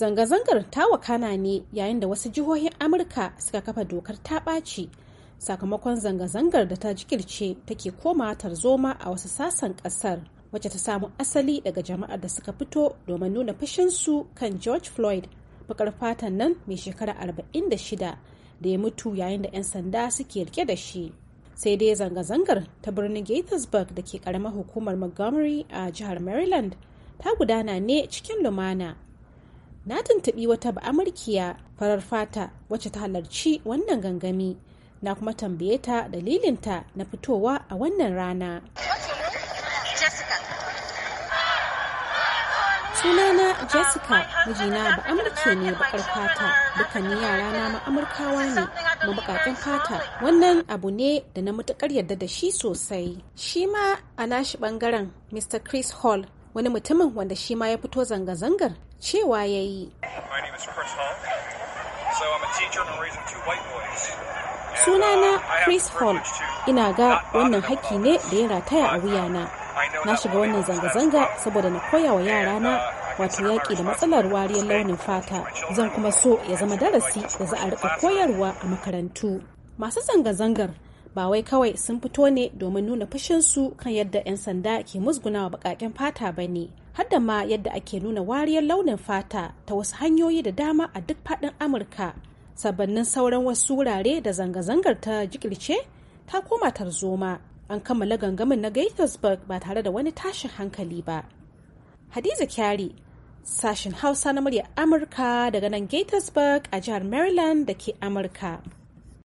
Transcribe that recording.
Zanga-zangar ta wakana ne yayin da wasu jihohin Amurka suka kafa dokar ta ɓaci sakamakon zanga-zangar da ta jikirce take koma tarzoma a wasu sassan ƙasar wacce ta samu asali daga jama'ar da suka fito domin nuna fushinsu kan George Floyd bakar fatan nan mai shekara 46 da ya mutu yayin da 'yan sanda suke rike da shi. sai dai zanga-zangar ta birnin Gaithersburg da ke karamar hukumar Montgomery a jihar Maryland ta gudana ne cikin lumana na tuntuɓi wata ba'amurkiya farar fata wacce ta halarci wannan gangami na kuma tambaye ta dalilinta na fitowa a wannan rana. sunana jessica mijina ba amurke ne bakar fata dukkanin yara na ma'amurkawa ne ma fata wannan abu ne da na matukar yarda da shi sosai shi ma a nashi bangaren mr chris hall wani mutumin wanda shi ma ya fito zanga-zangar cewa ya yi sunana chris hall uh, ina ga wannan haƙƙi ne da ya rataya a wuyana na shiga wannan zanga-zanga saboda na koya wa uh, yarana wato yaƙi da matsalar wariyar launin fata zan kuma so ya zama darasi da za a riƙa koyarwa a makarantu masu zanga-zangar ba wai kawai sun fito ne domin nuna fushinsu kan yadda 'yan sanda ke musgunawa baƙaƙen fata ba ne har da ma yadda ake nuna wariyar launin fata ta wasu hanyoyi da dama a duk faɗin amurka sabannin sauran wasu wurare da zanga-zangar ta jikilce ta koma tarzoma an kammala gangamin na gaithersburg ba tare da wani tashin hankali ba hadiza kyari sashen hausa na muryar amurka daga nan gaithersburg a jihar maryland da ke amurka